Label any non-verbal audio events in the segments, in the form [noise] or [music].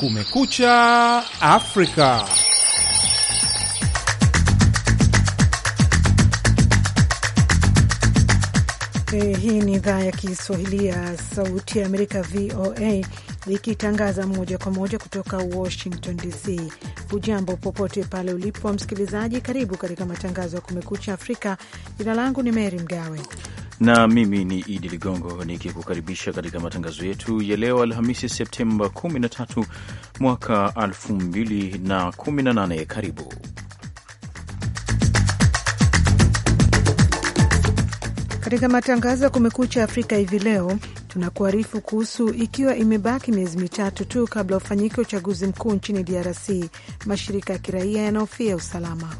Kumekucha Afrika. Eh, hii ni idhaa ya Kiswahili ya Sauti ya Amerika, VOA, ikitangaza moja kwa moja kutoka Washington DC. Hujambo popote pale ulipo msikilizaji, karibu katika matangazo ya Kumekucha Afrika. Jina langu ni Mery Mgawe na mimi ni Idi Ligongo nikikukaribisha katika matangazo yetu ya leo Alhamisi Septemba 13 mwaka 2018. Karibu katika matangazo ya Kumekucha Afrika hivi leo. Tunakuarifu kuhusu ikiwa imebaki miezi mitatu tu kabla ufanyike uchaguzi mkuu nchini DRC, mashirika ya kiraia yanaofia usalama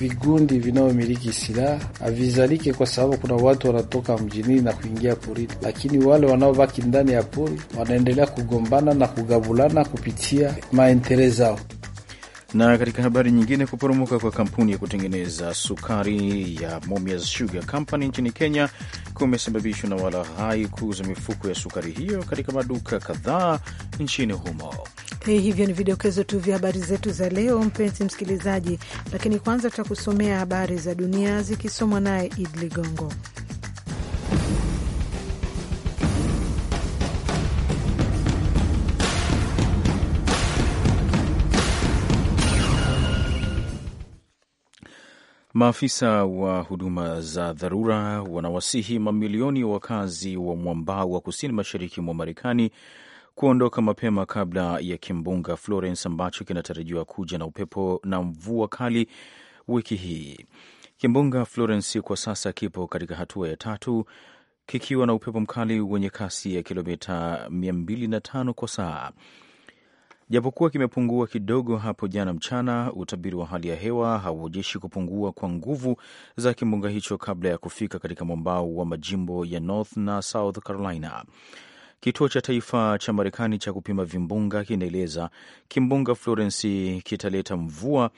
vigundi vinavyomiliki silaha havizalike, kwa sababu kuna watu wanatoka mjini na kuingia porini, lakini wale wanaobaki ndani ya pori wanaendelea kugombana na kugabulana kupitia maentere zao. Na katika habari nyingine, kuporomoka kwa kampuni ya kutengeneza sukari ya Mumias Sugar Company nchini Kenya kumesababishwa na wala hai kuuza mifuko ya sukari hiyo katika maduka kadhaa nchini humo. Hey, hivyo ni vidokezo tu vya habari zetu za leo, mpenzi msikilizaji, lakini kwanza tutakusomea habari za dunia zikisomwa naye Id Ligongo. Maafisa wa huduma za dharura wanawasihi mamilioni ya wakazi wa mwambao wa kusini mashariki mwa Marekani kuondoka mapema kabla ya kimbunga Florence ambacho kinatarajiwa kuja na upepo na mvua kali wiki hii. Kimbunga Florence kwa sasa kipo katika hatua ya tatu kikiwa na upepo mkali wenye kasi ya kilomita 205 kwa saa. Japokuwa kimepungua kidogo hapo jana mchana, utabiri wa hali ya hewa hauonyeshi kupungua kwa nguvu za kimbunga hicho kabla ya kufika katika mwambao wa majimbo ya North na South Carolina. Kituo cha taifa cha Marekani cha kupima vimbunga kinaeleza kimbunga Florence kitaleta mvua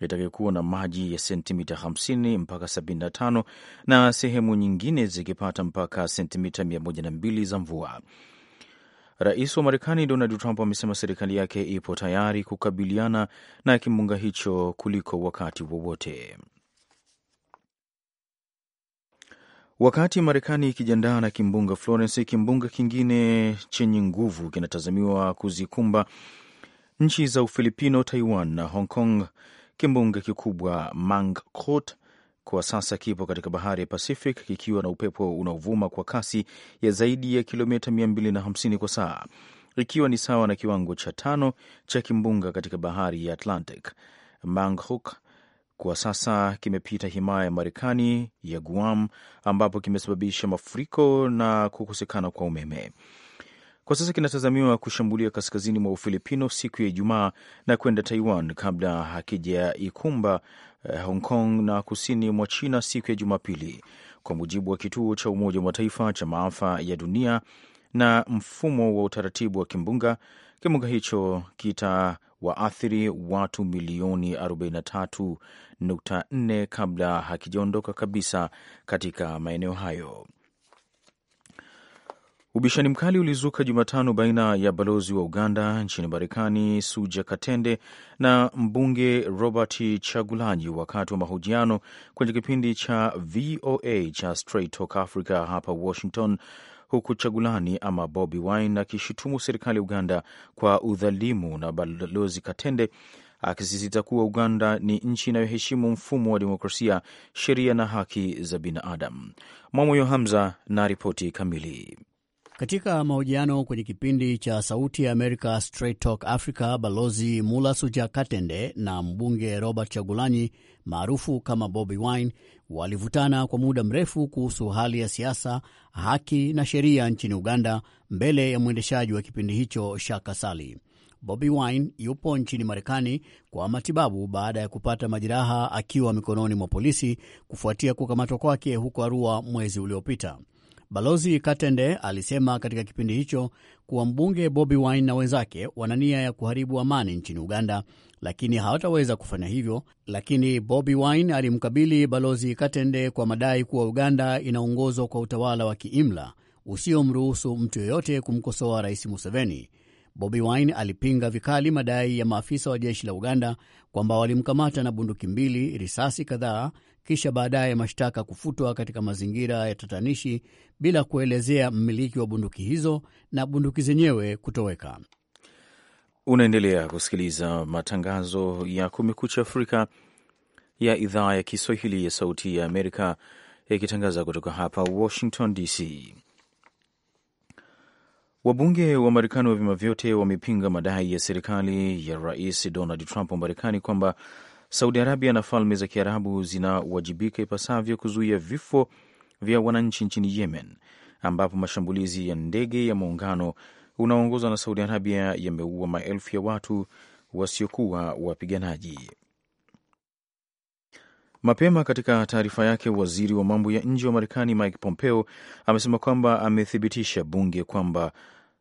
itakayokuwa na maji ya sentimita 50 mpaka 75 na sehemu nyingine zikipata mpaka sentimita 102 za mvua. Rais wa Marekani Donald Trump amesema serikali yake ipo tayari kukabiliana na kimbunga hicho kuliko wakati wowote wa Wakati Marekani ikijiandaa na kimbunga Florence, kimbunga kingine chenye nguvu kinatazamiwa kuzikumba nchi za Ufilipino, Taiwan na Hong Kong. Kimbunga kikubwa Mangkhut kwa sasa kipo katika bahari ya Pacific kikiwa na upepo unaovuma kwa kasi ya zaidi ya kilomita 250 kwa saa, ikiwa ni sawa na kiwango cha tano cha kimbunga katika bahari ya Atlantic. Mangkhut kwa sasa kimepita himaya ya Marekani ya Guam ambapo kimesababisha mafuriko na kukosekana kwa umeme. Kwa sasa kinatazamiwa kushambulia kaskazini mwa Ufilipino siku ya Ijumaa na kwenda Taiwan kabla hakijaikumba eh, Hong Kong na kusini mwa China siku ya Jumapili, kwa mujibu wa kituo cha Umoja wa Mataifa cha maafa ya dunia na mfumo wa utaratibu wa kimbunga. Kimbunga hicho kita waathiri watu milioni 43.4 kabla hakijaondoka kabisa katika maeneo hayo. Ubishani mkali ulizuka Jumatano baina ya balozi wa Uganda nchini Marekani Suja Katende na mbunge Robert Chagulanyi wakati wa mahojiano kwenye kipindi cha VOA cha Straight Talk Africa hapa Washington, huku Chagulani ama Bobi Wine akishutumu serikali ya Uganda kwa udhalimu na Balozi Katende akisisitiza kuwa Uganda ni nchi inayoheshimu mfumo wa demokrasia, sheria na haki za binadamu. Mwamoyo Hamza na ripoti kamili. Katika mahojiano kwenye kipindi cha Sauti ya Amerika Straight Talk Africa, Balozi Mulasuja Katende na mbunge Robert Chagulanyi maarufu kama Bobi Wine walivutana kwa muda mrefu kuhusu hali ya siasa, haki na sheria nchini Uganda mbele ya mwendeshaji wa kipindi hicho Shaka Sali. Bobi Wine yupo nchini Marekani kwa matibabu baada ya kupata majeraha akiwa mikononi mwa polisi kufuatia kukamatwa kwake huko Arua mwezi uliopita. Balozi Katende alisema katika kipindi hicho kuwa mbunge Bobi Wine na wenzake wana nia ya kuharibu amani nchini Uganda, lakini hawataweza kufanya hivyo. Lakini Bobi Wine alimkabili Balozi Katende kwa madai kuwa Uganda inaongozwa kwa utawala wa kiimla usiomruhusu mtu yoyote kumkosoa Rais Museveni. Bobi Wine alipinga vikali madai ya maafisa wa jeshi la Uganda kwamba walimkamata na bunduki mbili, risasi kadhaa kisha baadaye mashtaka kufutwa katika mazingira ya tatanishi bila kuelezea mmiliki wa bunduki hizo na bunduki zenyewe kutoweka. Unaendelea kusikiliza matangazo ya Kumekucha Afrika ya idhaa ya Kiswahili ya Sauti ya Amerika yakitangaza kutoka hapa Washington DC. Wabunge wa Marekani wa vyama vyote wamepinga madai ya serikali ya Rais Donald Trump wa Marekani kwamba Saudi Arabia na Falme za Kiarabu zinawajibika ipasavyo kuzuia vifo vya wananchi nchini Yemen, ambapo mashambulizi ya ndege ya muungano unaoongozwa na Saudi Arabia yameua maelfu ya watu wasiokuwa wapiganaji. Mapema katika taarifa yake, waziri wa mambo ya nje wa Marekani Mike Pompeo amesema kwamba amethibitisha bunge kwamba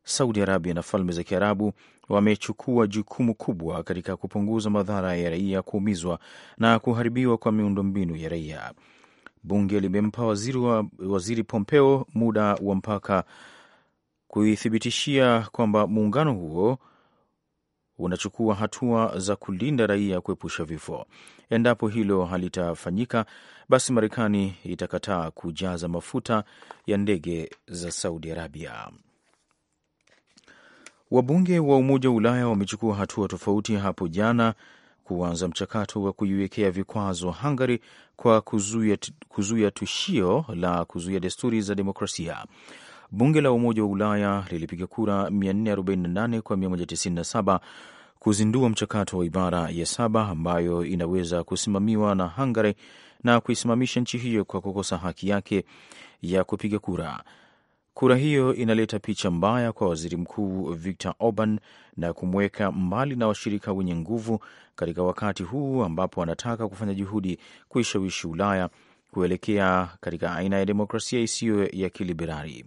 Saudi Arabia na Falme za Kiarabu wamechukua jukumu kubwa katika kupunguza madhara ya raia kuumizwa na kuharibiwa kwa miundombinu ya raia. Bunge limempa waziri, wa, waziri Pompeo muda wa mpaka kuithibitishia kwamba muungano huo unachukua hatua za kulinda raia kuepusha vifo. Endapo hilo halitafanyika, basi Marekani itakataa kujaza mafuta ya ndege za Saudi Arabia. Wabunge wa Umoja wa Ulaya wamechukua hatua tofauti hapo jana kuanza mchakato wa kuiwekea vikwazo Hungary kwa kuzuia, kuzuia tishio la kuzuia desturi za demokrasia. Bunge la Umoja wa Ulaya lilipiga kura 448 kwa 197 kuzindua mchakato wa ibara ya saba ambayo inaweza kusimamiwa na Hungary na kuisimamisha nchi hiyo kwa kukosa haki yake ya kupiga kura. Kura hiyo inaleta picha mbaya kwa waziri mkuu Victor Orban na kumweka mbali na washirika wenye nguvu katika wakati huu ambapo anataka kufanya juhudi kuishawishi Ulaya kuelekea katika aina ya demokrasia isiyo ya kiliberali.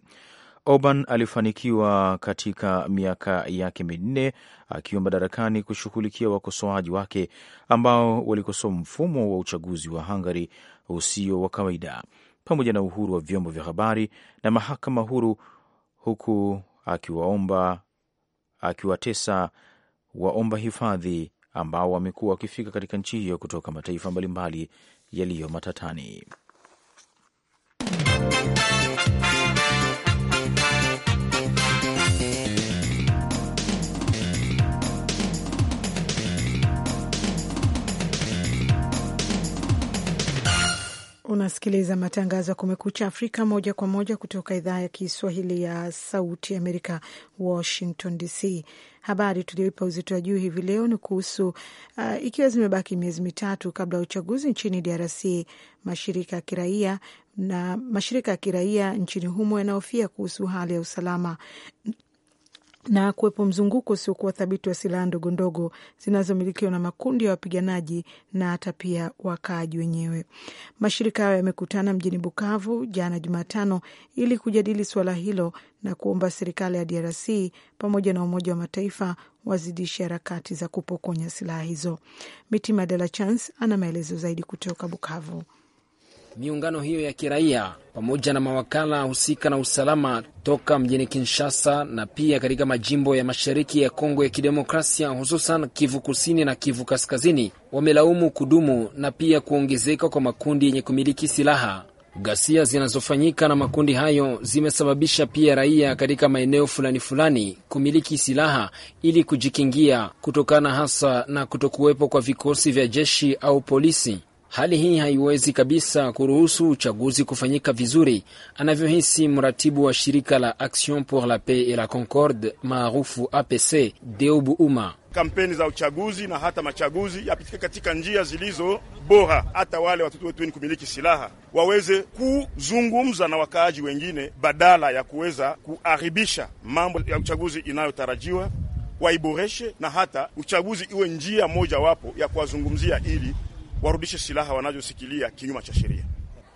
Orban alifanikiwa katika miaka yake minne akiwa madarakani kushughulikia wakosoaji wake ambao walikosoa mfumo wa uchaguzi wa Hungary usio wa kawaida pamoja na uhuru wa vyombo vya habari na mahakama huru, huku akiwaomba akiwatesa waomba hifadhi ambao wamekuwa wakifika katika nchi hiyo kutoka mataifa mbalimbali yaliyo matatani. Unasikiliza matangazo ya Kumekucha Afrika moja kwa moja kutoka idhaa ya Kiswahili ya Sauti Amerika, Washington DC. Habari tuliyoipa uzito wa juu hivi leo ni kuhusu uh, ikiwa zimebaki miezi mitatu kabla ya uchaguzi nchini DRC, mashirika ya kiraia na mashirika ya kiraia nchini humo yanahofia kuhusu hali ya usalama na kuwepo mzunguko usiokuwa thabiti wa silaha ndogondogo zinazomilikiwa na makundi ya wapiganaji na hata pia wakaaji wenyewe. Mashirika hayo yamekutana mjini Bukavu jana Jumatano ili kujadili suala hilo na kuomba serikali ya DRC pamoja na Umoja wa Mataifa wazidishe harakati za kupokonya silaha hizo. Mitima De La Chance ana maelezo zaidi kutoka Bukavu miungano hiyo ya kiraia pamoja na mawakala husika na usalama toka mjini Kinshasa na pia katika majimbo ya mashariki ya Kongo ya Kidemokrasia, hususan Kivu Kusini na Kivu Kaskazini, wamelaumu kudumu na pia kuongezeka kwa makundi yenye kumiliki silaha. Ghasia zinazofanyika na makundi hayo zimesababisha pia raia katika maeneo fulani fulani kumiliki silaha ili kujikingia, kutokana hasa na kutokuwepo kwa vikosi vya jeshi au polisi. Hali hii haiwezi kabisa kuruhusu uchaguzi kufanyika vizuri, anavyohisi mratibu wa shirika la Action pour la Paix et la Concorde maarufu APC Deubu Uma. Kampeni za uchaguzi na hata machaguzi yapitika katika njia zilizo bora, hata wale watoto wetu wenye kumiliki silaha waweze kuzungumza na wakaaji wengine, badala ya kuweza kuharibisha mambo ya uchaguzi inayotarajiwa, waiboreshe na hata uchaguzi iwe njia mojawapo ya kuwazungumzia ili warudishe silaha wanazosikilia kinyuma cha sheria.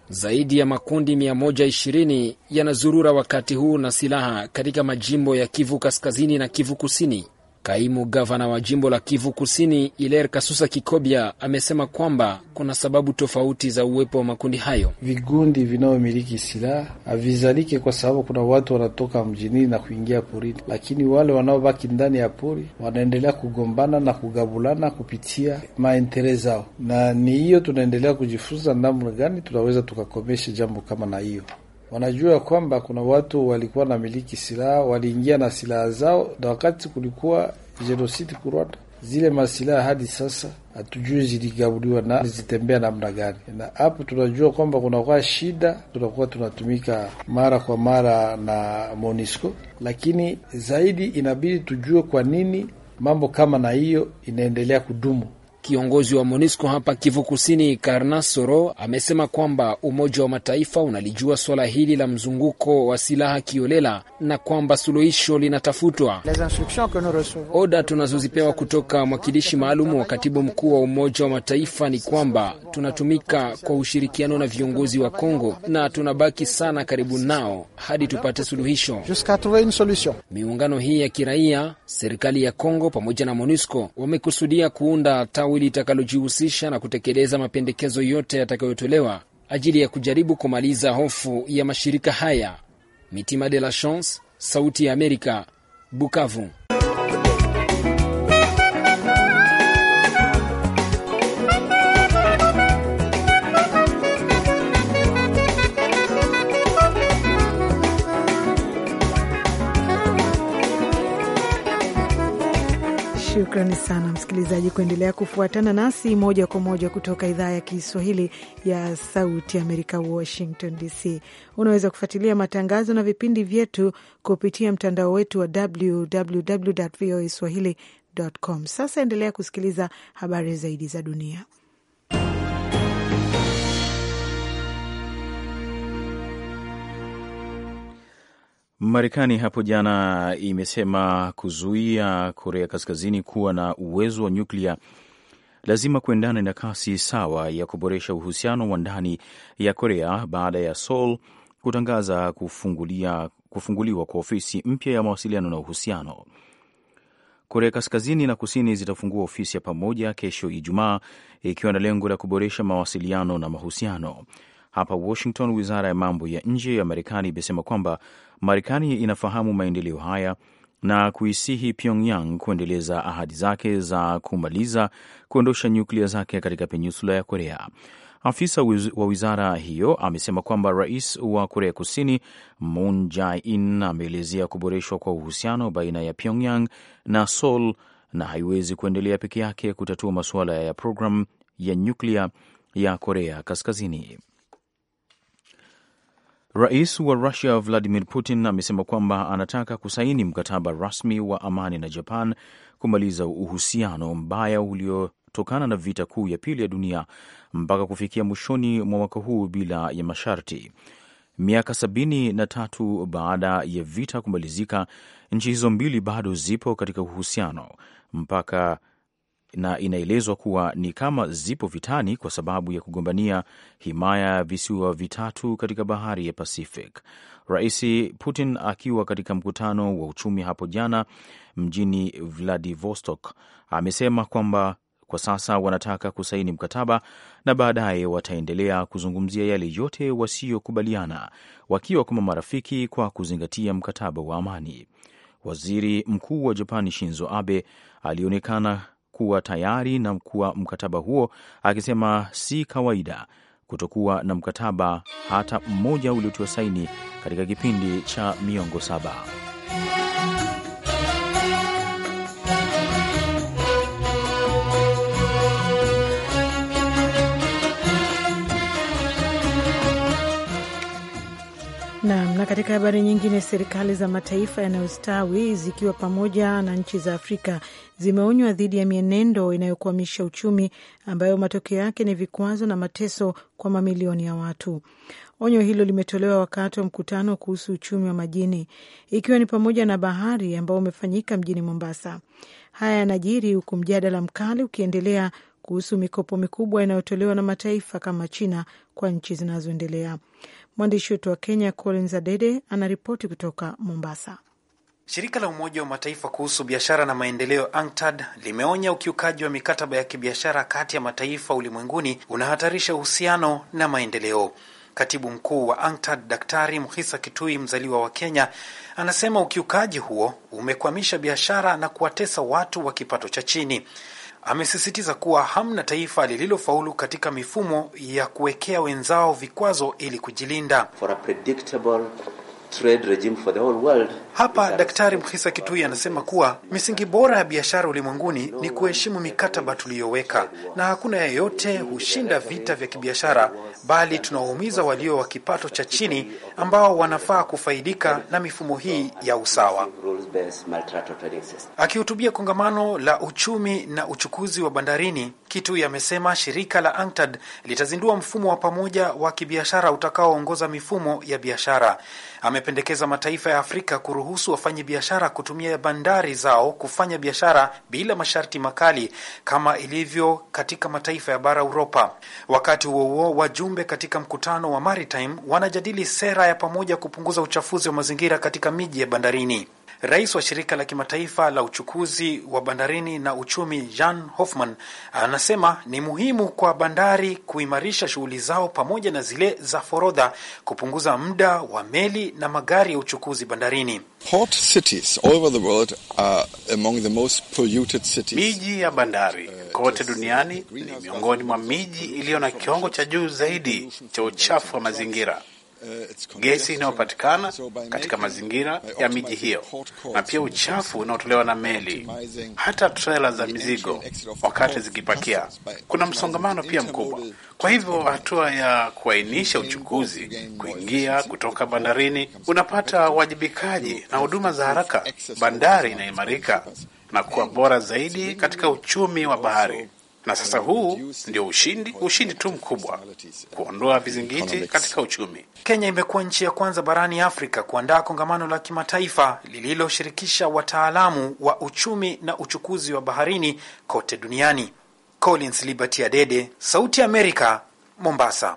Zaidi ya makundi 120 yanazurura wakati huu na silaha katika majimbo ya Kivu Kaskazini na Kivu Kusini. Kaimu gavana wa jimbo la Kivu Kusini Iler Kasusa Kikobya amesema kwamba kuna sababu tofauti za uwepo wa makundi hayo. Vigundi vinavyomiliki silaha havizalike kwa sababu kuna watu wanatoka mjini na kuingia porini, lakini wale wanaobaki ndani ya pori wanaendelea kugombana na kugabulana kupitia maentere zao, na ni hiyo tunaendelea kujifunza namna gani tunaweza tukakomesha jambo kama na hiyo wanajua kwamba kuna watu walikuwa na miliki silaha, waliingia na silaha zao, na wakati kulikuwa jenosidi ku Rwanda, zile masilaha hadi sasa hatujui ziligabuliwa na zitembea namna gani, na hapo tunajua kwamba kunakuwa shida. Tunakuwa tunatumika mara kwa mara na MONUSCO, lakini zaidi inabidi tujue kwa nini mambo kama na hiyo inaendelea kudumu. Kiongozi wa MONUSCO hapa Kivu Kusini, Karna Soro, amesema kwamba Umoja wa Mataifa unalijua swala hili la mzunguko wa silaha kiolela na kwamba suluhisho linatafutwa. Oda tunazozipewa kutoka mwakilishi maalum wa katibu mkuu wa Umoja wa Mataifa ni kwamba tunatumika kwa ushirikiano na viongozi wa Kongo na tunabaki sana karibu nao hadi tupate suluhisho. Miungano hii ya kiraia, serikali ya Kongo pamoja na MONUSCO wamekusudia kuunda tawi litakalojihusisha na kutekeleza mapendekezo yote yatakayotolewa ajili ya kujaribu kumaliza hofu ya mashirika haya. Mitima de la Chance, Sauti ya Amerika, Bukavu. Shukrani sana msikilizaji kuendelea kufuatana nasi moja kwa moja kutoka idhaa ya Kiswahili ya Sauti Amerika, Washington DC. Unaweza kufuatilia matangazo na vipindi vyetu kupitia mtandao wetu wa www voa swahili com. Sasa endelea kusikiliza habari zaidi za dunia. Marekani hapo jana imesema kuzuia Korea Kaskazini kuwa na uwezo wa nyuklia lazima kuendana na kasi sawa ya kuboresha uhusiano wa ndani ya Korea baada ya Seoul kutangaza kufungulia, kufunguliwa kwa ofisi mpya ya mawasiliano na uhusiano. Korea Kaskazini na Kusini zitafungua ofisi ya pamoja kesho Ijumaa, ikiwa na lengo la kuboresha mawasiliano na mahusiano. Hapa Washington, wizara ya mambo ya nje ya Marekani imesema kwamba Marekani inafahamu maendeleo haya na kuisihi Pyongyang kuendeleza ahadi zake za kumaliza kuondosha nyuklia zake katika peninsula ya Korea. Afisa wa wizara hiyo amesema kwamba rais wa Korea Kusini Moon Jae-in ameelezea kuboreshwa kwa uhusiano baina ya Pyongyang na Seoul na haiwezi kuendelea peke yake kutatua masuala ya programu ya nyuklia ya Korea Kaskazini. Rais wa Russia Vladimir Putin amesema kwamba anataka kusaini mkataba rasmi wa amani na Japan kumaliza uhusiano mbaya uliotokana na vita kuu ya pili ya dunia mpaka kufikia mwishoni mwa mwaka huu bila ya masharti. Miaka sabini na tatu baada ya vita kumalizika, nchi hizo mbili bado zipo katika uhusiano mpaka na inaelezwa kuwa ni kama zipo vitani kwa sababu ya kugombania himaya ya visiwa vitatu katika bahari ya Pacific. Rais Putin akiwa katika mkutano wa uchumi hapo jana mjini Vladivostok amesema kwamba kwa sasa wanataka kusaini mkataba na baadaye wataendelea kuzungumzia yale yote wasiyokubaliana, wakiwa kama marafiki kwa kuzingatia mkataba wa amani. Waziri Mkuu wa Japani Shinzo Abe alionekana kuwa tayari na kuwa mkataba huo, akisema si kawaida kutokuwa na mkataba hata mmoja uliotiwa saini katika kipindi cha miongo saba. katika habari nyingine, serikali za mataifa yanayostawi zikiwa pamoja na nchi za Afrika zimeonywa dhidi ya mienendo inayokwamisha uchumi ambayo matokeo yake ni vikwazo na mateso kwa mamilioni ya watu. Onyo hilo limetolewa wakati wa mkutano kuhusu uchumi wa majini, ikiwa ni pamoja na bahari ambao umefanyika mjini Mombasa. Haya yanajiri huku mjadala mkali ukiendelea kuhusu mikopo mikubwa inayotolewa na mataifa kama China kwa nchi zinazoendelea. Mwandishi wetu wa Kenya Collins Adede anaripoti kutoka Mombasa. Shirika la Umoja wa Mataifa kuhusu biashara na maendeleo UNCTAD limeonya ukiukaji wa mikataba ya kibiashara kati ya mataifa ulimwenguni unahatarisha uhusiano na maendeleo. Katibu mkuu wa UNCTAD Daktari mhisa Kitui, mzaliwa wa Kenya, anasema ukiukaji huo umekwamisha biashara na kuwatesa watu wa kipato cha chini amesisitiza kuwa hamna taifa lililofaulu katika mifumo ya kuwekea wenzao vikwazo ili kujilinda For a predictable trade regime for the whole world. Hapa Daktari Mkhisa Kitui anasema kuwa misingi bora ya biashara ulimwenguni ni kuheshimu mikataba tuliyoweka, na hakuna yeyote hushinda vita vya kibiashara, bali tunawaumiza walio wa kipato cha chini ambao wanafaa kufaidika na mifumo hii ya usawa. Akihutubia kongamano la uchumi na uchukuzi wa bandarini, Kitui amesema shirika la antad litazindua mfumo wa pamoja wa kibiashara utakaoongoza mifumo ya biashara amependekeza mataifa ya Afrika kuruhusu biashara kutumia bandari zao kufanya biashara bila masharti makali kama ilivyo katika mataifa ya bara Uropa. Wakati huo huo, wajumbe katika mkutano wa Maritime wanajadili sera ya pamoja kupunguza uchafuzi wa mazingira katika miji ya bandarini. Rais wa shirika la kimataifa la uchukuzi wa bandarini na uchumi Jan Hoffman anasema ni muhimu kwa bandari kuimarisha shughuli zao pamoja na zile za forodha, kupunguza muda wa meli na magari ya uchukuzi bandarini. Port cities all over the world are among the most polluted cities. Miji ya bandari uh, kote duniani ni miongoni mwa miji iliyo na kiwango cha juu zaidi cha uchafu wa mazingira gesi inayopatikana katika mazingira ya miji hiyo na pia uchafu unaotolewa na meli hata trela za mizigo wakati zikipakia. Kuna msongamano pia mkubwa. Kwa hivyo hatua ya kuainisha uchukuzi kuingia kutoka bandarini, unapata uwajibikaji na huduma za haraka. Bandari inaimarika na kuwa bora zaidi katika uchumi wa bahari na sasa huu ndio ushindi, ushindi tu mkubwa, kuondoa vizingiti katika uchumi. Kenya imekuwa nchi ya kwanza barani Afrika kuandaa kongamano la kimataifa lililoshirikisha wataalamu wa uchumi na uchukuzi wa baharini kote duniani. Collins Liberty Adede, Sauti ya Amerika, Mombasa.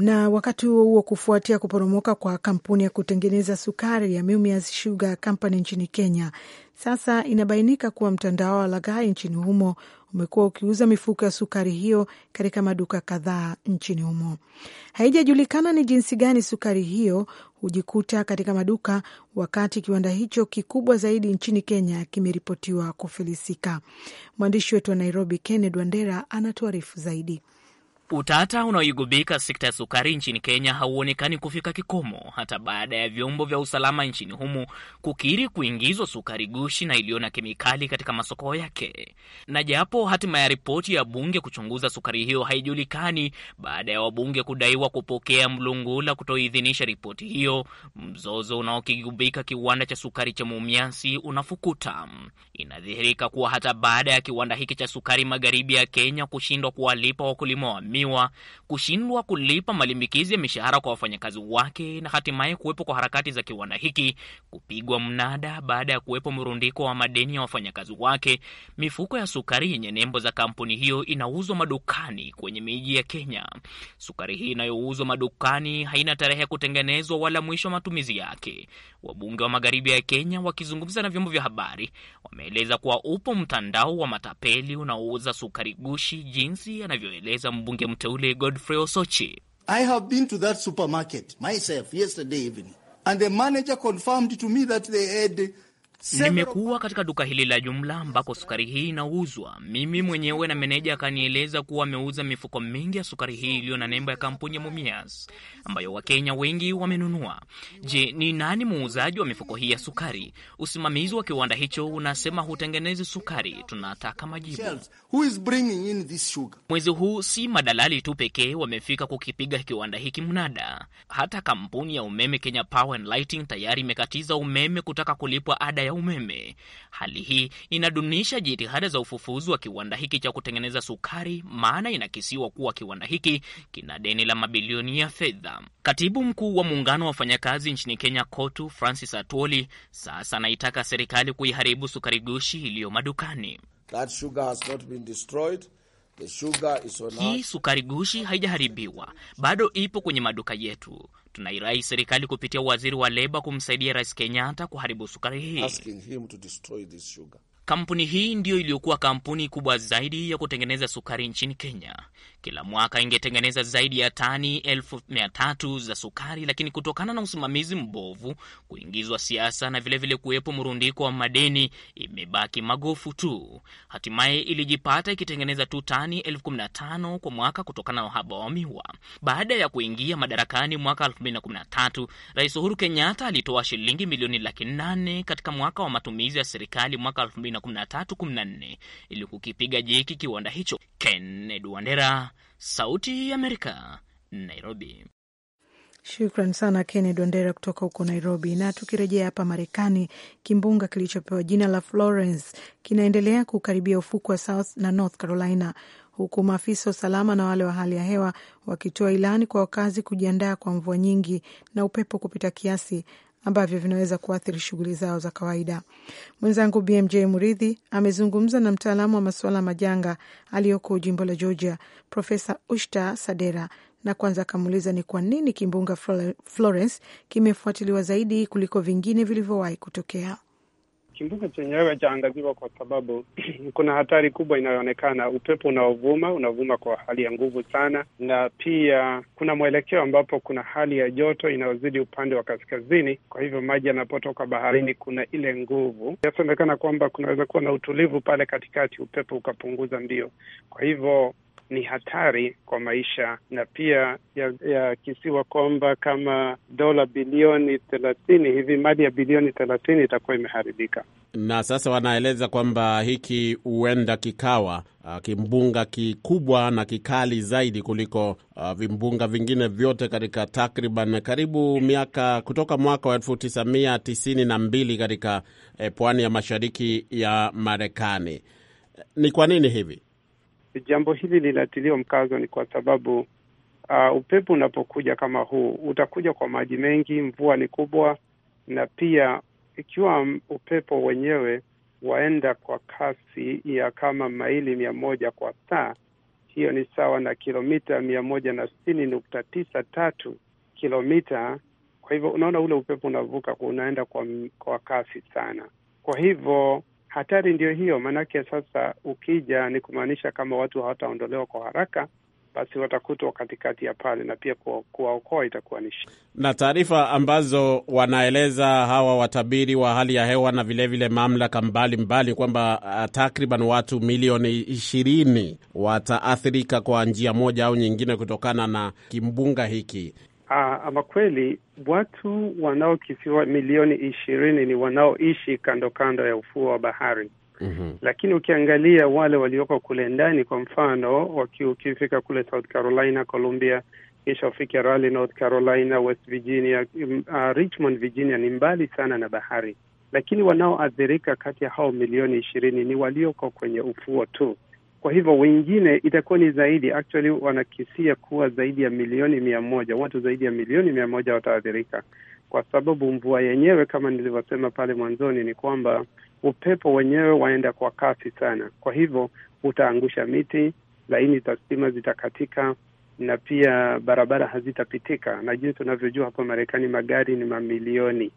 na wakati huo huo, kufuatia kuporomoka kwa kampuni ya kutengeneza sukari ya Mumias Sugar Company nchini Kenya, sasa inabainika kuwa mtandao wa lagai nchini humo umekuwa ukiuza mifuko ya sukari hiyo katika maduka kadhaa nchini humo. Haijajulikana ni jinsi gani sukari hiyo hujikuta katika maduka, wakati kiwanda hicho kikubwa zaidi nchini Kenya kimeripotiwa kufilisika. Mwandishi wetu wa Nairobi, Kenneth Wandera, anatuarifu zaidi. Utata unaoigubika sekta ya sukari nchini Kenya hauonekani kufika kikomo hata baada ya vyombo vya usalama nchini humo kukiri kuingizwa sukari gushi na iliyo na kemikali katika masoko yake. Na japo hatima ya ripoti ya bunge kuchunguza sukari hiyo haijulikani baada ya wabunge kudaiwa kupokea mlungula kutoidhinisha ripoti hiyo, mzozo unaokigubika kiwanda cha sukari cha Mumias unafukuta. Inadhihirika kuwa hata baada ya kiwanda hiki cha sukari magharibi ya Kenya kushindwa kuwalipa wakulima wa miwa, kushindwa kulipa malimbikizi ya mishahara kwa wafanyakazi wake, na hatimaye kuwepo kwa harakati za kiwanda hiki kupigwa mnada baada ya kuwepo mrundiko wa madeni ya wafanyakazi wake, mifuko ya sukari yenye nembo za kampuni hiyo inauzwa madukani kwenye miji ya Kenya. Sukari hii inayouzwa madukani haina tarehe ya kutengenezwa wala mwisho wa matumizi yake. Wabunge wa magharibi ya Kenya wakizungumza na vyombo vya habari wame ameeleza kuwa upo mtandao wa matapeli unaouza sukari gushi, jinsi anavyoeleza mbunge mteule Godfrey Osochi. I have been to that supermarket myself yesterday evening and the manager confirmed to me that they had Nimekuwa katika duka hili la jumla ambako sukari hii inauzwa. Mimi mwenyewe na meneja akanieleza kuwa ameuza mifuko mingi ya sukari hii iliyo na nembo ya kampuni ya Mumias ambayo Wakenya wengi wamenunua. Je, ni nani muuzaji wa mifuko hii ya sukari? Usimamizi wa kiwanda hicho unasema hutengenezi sukari. Tunataka majibu. Mwezi huu si madalali tu pekee wamefika kukipiga kiwanda hiki mnada, hata kampuni ya umeme Kenya Power and Lighting tayari imekatiza umeme kutaka kulipwa ada ya umeme. Hali hii inadunisha jitihada za ufufuzi wa kiwanda hiki cha kutengeneza sukari, maana inakisiwa kuwa kiwanda hiki kina deni la mabilioni ya fedha. Katibu mkuu wa muungano wa wafanyakazi nchini Kenya, KOTU, Francis Atwoli, sasa anaitaka serikali kuiharibu sukari gushi iliyo madukani. That sugar has not been destroyed. Hii sukari gushi haijaharibiwa, bado ipo kwenye maduka yetu. Tunairahi serikali kupitia waziri wa leba kumsaidia Rais Kenyatta kuharibu sukari hii. Kampuni hii ndiyo iliyokuwa kampuni kubwa zaidi ya kutengeneza sukari nchini Kenya kila mwaka ingetengeneza zaidi ya tani elfu mia tatu za sukari, lakini kutokana na usimamizi mbovu, kuingizwa siasa na vilevile kuwepo mrundiko wa madeni, imebaki magofu tu. Hatimaye ilijipata ikitengeneza tu tani elfu kumi na tano kwa mwaka kutokana na uhaba wa miwa. Baada ya kuingia madarakani mwaka tatu, Rais Uhuru Kenyatta alitoa shilingi milioni laki nane katika mwaka wa matumizi ya serikali mwaka na nne ili kukipiga jeki kiwanda hicho. Kennedy Wandera, Sauti ya Amerika, Nairobi. Shukran sana kenned Wandera kutoka huko Nairobi. Na tukirejea hapa Marekani, kimbunga kilichopewa jina la Florence kinaendelea kukaribia ufuku wa South na North Carolina, huku maafisa wa usalama na wale wa hali ya hewa wakitoa ilani kwa wakazi kujiandaa kwa mvua nyingi na upepo kupita kiasi ambavyo vinaweza kuathiri shughuli zao za kawaida. Mwenzangu BMJ Muridhi amezungumza na mtaalamu wa masuala ya majanga aliyoko jimbo la Georgia, Profesa Ushta Sadera, na kwanza akamuuliza ni kwa nini kimbunga Florence kimefuatiliwa zaidi kuliko vingine vilivyowahi kutokea. Kivuko chenyewe chaangaziwa kwa sababu [clears throat] kuna hatari kubwa inayoonekana, upepo unaovuma unavuma kwa hali ya nguvu sana, na pia kuna mwelekeo ambapo kuna hali ya joto inayozidi upande wa kaskazini. Kwa hivyo maji yanapotoka baharini, kuna ile nguvu inasemekana kwamba kunaweza kuwa na utulivu pale katikati, upepo ukapunguza mbio. Kwa hivyo ni hatari kwa maisha, na pia yakisiwa ya kwamba kama dola bilioni thelathini hivi, mali ya bilioni thelathini itakuwa imeharibika. Na sasa wanaeleza kwamba hiki huenda kikawa uh, kimbunga kikubwa na kikali zaidi kuliko uh, vimbunga vingine vyote katika takriban karibu miaka kutoka mwaka wa elfu tisa mia tisini na mbili katika eh, pwani ya mashariki ya Marekani. Ni kwa nini hivi? jambo hili linatiliwa mkazo ni kwa sababu uh, upepo unapokuja kama huu utakuja kwa maji mengi, mvua ni kubwa, na pia ikiwa upepo wenyewe waenda kwa kasi ya kama maili mia moja kwa saa, hiyo ni sawa na kilomita mia moja na sitini nukta tisa tatu kilomita. Kwa hivyo unaona ule upepo unavuka unaenda kwa, kwa kasi sana. Kwa hivyo Hatari ndio hiyo, maanake sasa ukija ni kumaanisha kama watu hawataondolewa kwa haraka basi watakutwa katikati ya pale na pia kuwaokoa itakuwa ni shida. Na taarifa ambazo wanaeleza hawa watabiri wa hali ya hewa na vilevile mamlaka mbalimbali kwamba uh, takriban watu milioni ishirini wataathirika kwa njia moja au nyingine kutokana na kimbunga hiki uh, ama kweli watu wanaokisiwa milioni ishirini ni wanaoishi kando kando ya ufuo wa bahari. Mm -hmm. Lakini ukiangalia wale walioko kule ndani, kwa mfano ukifika kule South Carolina, Columbia, kisha ufike rally North Carolina, West Virginia, uh, Richmond, Virginia ni mbali sana na bahari, lakini wanaoathirika kati ya hao milioni ishirini ni walioko kwenye ufuo tu. Kwa hivyo wengine itakuwa ni zaidi, actually wanakisia kuwa zaidi ya milioni mia moja watu zaidi ya milioni mia moja wataathirika, kwa sababu mvua yenyewe kama nilivyosema pale mwanzoni ni kwamba upepo wenyewe waenda kwa kasi sana, kwa hivyo utaangusha miti, laini za stima zitakatika na pia barabara hazitapitika, na jinsi tunavyojua hapa Marekani magari ni mamilioni.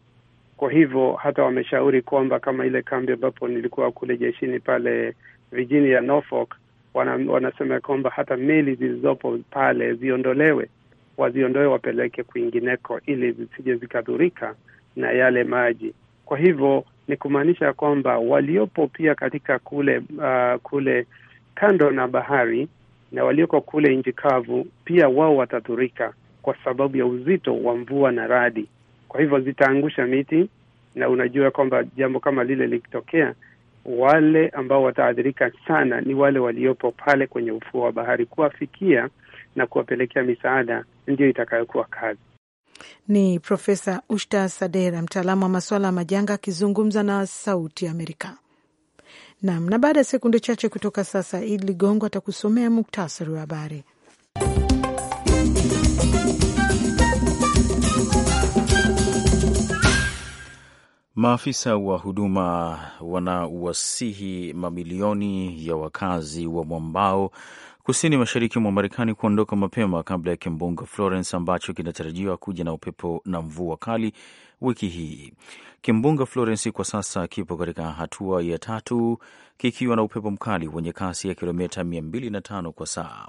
Kwa hivyo hata wameshauri kwamba kama ile kambi ambapo nilikuwa kule jeshini pale vijini ya Norfolk wana, wanasema kwamba hata meli zilizopo pale ziondolewe, waziondoe wapeleke kwingineko, ili zisije zikadhurika na yale maji. Kwa hivyo ni kumaanisha kwamba waliopo pia katika kule uh, kule kando na bahari na walioko kule nchi kavu pia wao watadhurika kwa sababu ya uzito wa mvua na radi. Kwa hivyo zitaangusha miti, na unajua kwamba jambo kama lile likitokea wale ambao wataadhirika sana ni wale waliopo pale kwenye ufuo wa bahari. Kuwafikia na kuwapelekea misaada ndiyo itakayokuwa kazi. Ni Profesa Ushta Sadera, mtaalamu wa masuala ya majanga, akizungumza na Sauti Amerika. Naam, na baada ya sekunde chache kutoka sasa, Idi Ligongo atakusomea muktasari wa habari. Maafisa wa huduma wanawasihi mamilioni ya wakazi wa mwambao kusini mashariki mwa Marekani kuondoka mapema kabla ya kimbunga Florence ambacho kinatarajiwa kuja na upepo na mvua kali wiki hii. Kimbunga Florence kwa sasa kipo katika hatua ya tatu kikiwa na upepo mkali wenye kasi ya kilomita 205 kwa saa.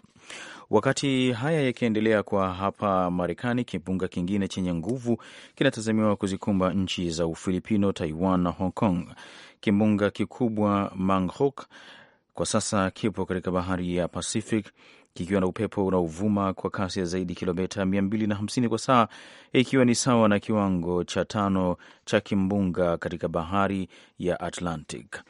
Wakati haya yakiendelea kwa hapa Marekani, kimbunga kingine chenye nguvu kinatazamiwa kuzikumba nchi za Ufilipino, Taiwan na Hong Kong. Kimbunga kikubwa Mangkhut kwa sasa kipo katika bahari ya Pacific kikiwa na upepo unaovuma kwa kasi ya zaidi kilomita 250 kwa saa, ikiwa ni sawa na kiwango cha tano cha kimbunga katika bahari ya Atlantic.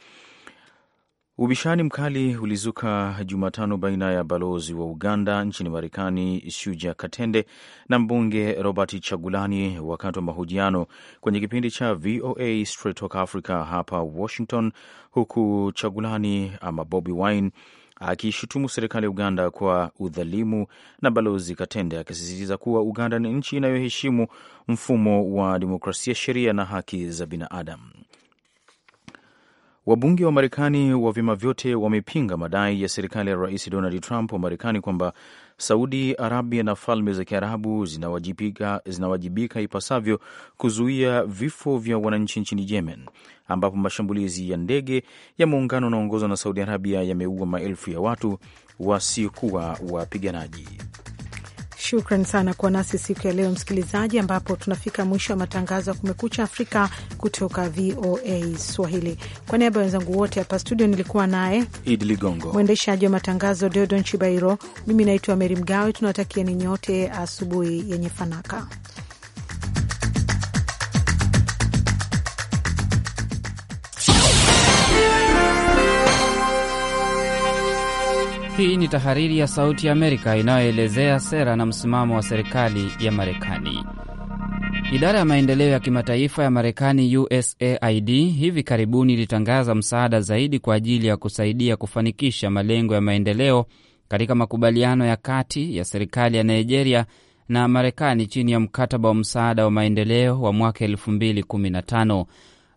Ubishani mkali ulizuka Jumatano baina ya balozi wa Uganda nchini Marekani Shuja Katende na mbunge Robert Chagulani wakati wa mahojiano kwenye kipindi cha VOA Straight Talk Africa hapa Washington, huku Chagulani ama Bobi Wine akishutumu serikali ya Uganda kwa udhalimu na balozi Katende akisisitiza kuwa Uganda ni nchi inayoheshimu mfumo wa demokrasia, sheria na haki za binadamu. Wabunge wa Marekani wa vyama vyote wamepinga madai ya serikali ya Rais Donald Trump wa Marekani kwamba Saudi Arabia na Falme za Kiarabu zinawajibika, zinawajibika ipasavyo kuzuia vifo vya wananchi nchini Yemen, ambapo mashambulizi ya ndege ya muungano unaoongozwa na Saudi Arabia yameua maelfu ya watu wasiokuwa wapiganaji. Shukran sana kuwa nasi siku ya leo msikilizaji, ambapo tunafika mwisho wa matangazo ya Kumekucha Afrika kutoka VOA Swahili. Kwa niaba ya wenzangu wote hapa studio, nilikuwa naye Idi Ligongo, mwendeshaji wa matangazo Deodon Chibairo. Mimi naitwa Meri Mgawe. Tunawatakia ni nyote asubuhi yenye fanaka. Hii ni tahariri ya Sauti ya Amerika inayoelezea sera na msimamo wa serikali ya Marekani. Idara ya maendeleo ya kimataifa ya Marekani, USAID, hivi karibuni ilitangaza msaada zaidi kwa ajili ya kusaidia kufanikisha malengo ya maendeleo katika makubaliano ya kati ya serikali ya Nigeria na Marekani chini ya mkataba wa msaada wa maendeleo wa mwaka 2015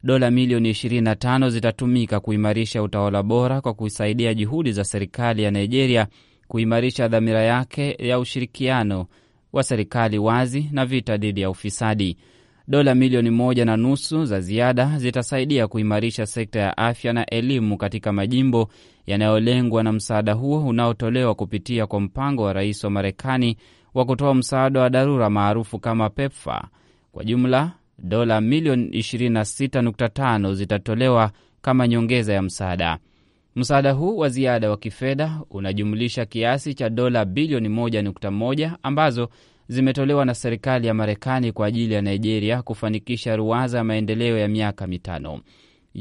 dola milioni 25 zitatumika kuimarisha utawala bora kwa kusaidia juhudi za serikali ya Nigeria kuimarisha dhamira yake ya ushirikiano wa serikali wazi na vita dhidi ya ufisadi. Dola milioni moja na nusu za ziada zitasaidia kuimarisha sekta ya afya na elimu katika majimbo yanayolengwa na msaada huo unaotolewa kupitia kwa mpango wa rais wa Marekani wa kutoa msaada wa dharura maarufu kama PEPFA. Kwa jumla dola milioni 26.5 zitatolewa kama nyongeza ya msaada. Msaada huu wa ziada wa kifedha unajumlisha kiasi cha dola bilioni 1.1 ambazo zimetolewa na serikali ya Marekani kwa ajili ya Nigeria kufanikisha ruwaza ya maendeleo ya miaka mitano.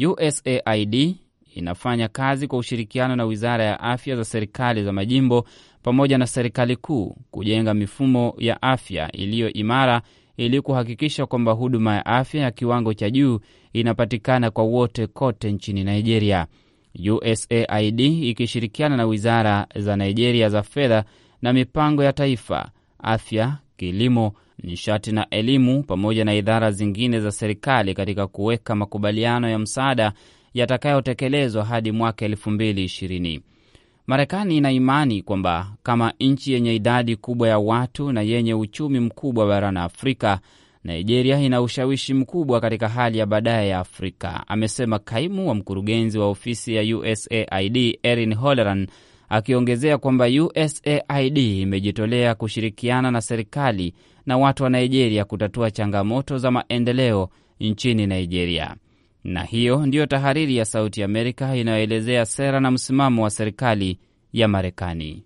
USAID inafanya kazi kwa ushirikiano na wizara ya afya za serikali za majimbo pamoja na serikali kuu kujenga mifumo ya afya iliyo imara ili kuhakikisha kwamba huduma ya afya ya kiwango cha juu inapatikana kwa wote kote nchini Nigeria. USAID ikishirikiana na wizara za Nigeria za fedha na mipango ya taifa, afya, kilimo, nishati na elimu, pamoja na idara zingine za serikali katika kuweka makubaliano ya msaada yatakayotekelezwa hadi mwaka 2020. Marekani ina imani kwamba kama nchi yenye idadi kubwa ya watu na yenye uchumi mkubwa barani Afrika, Nigeria ina ushawishi mkubwa katika hali ya baadaye ya Afrika, amesema kaimu wa mkurugenzi wa ofisi ya USAID Erin Holeran, akiongezea kwamba USAID imejitolea kushirikiana na serikali na watu wa Nigeria kutatua changamoto za maendeleo nchini Nigeria. Na hiyo ndiyo tahariri ya Sauti Amerika inayoelezea sera na msimamo wa serikali ya Marekani.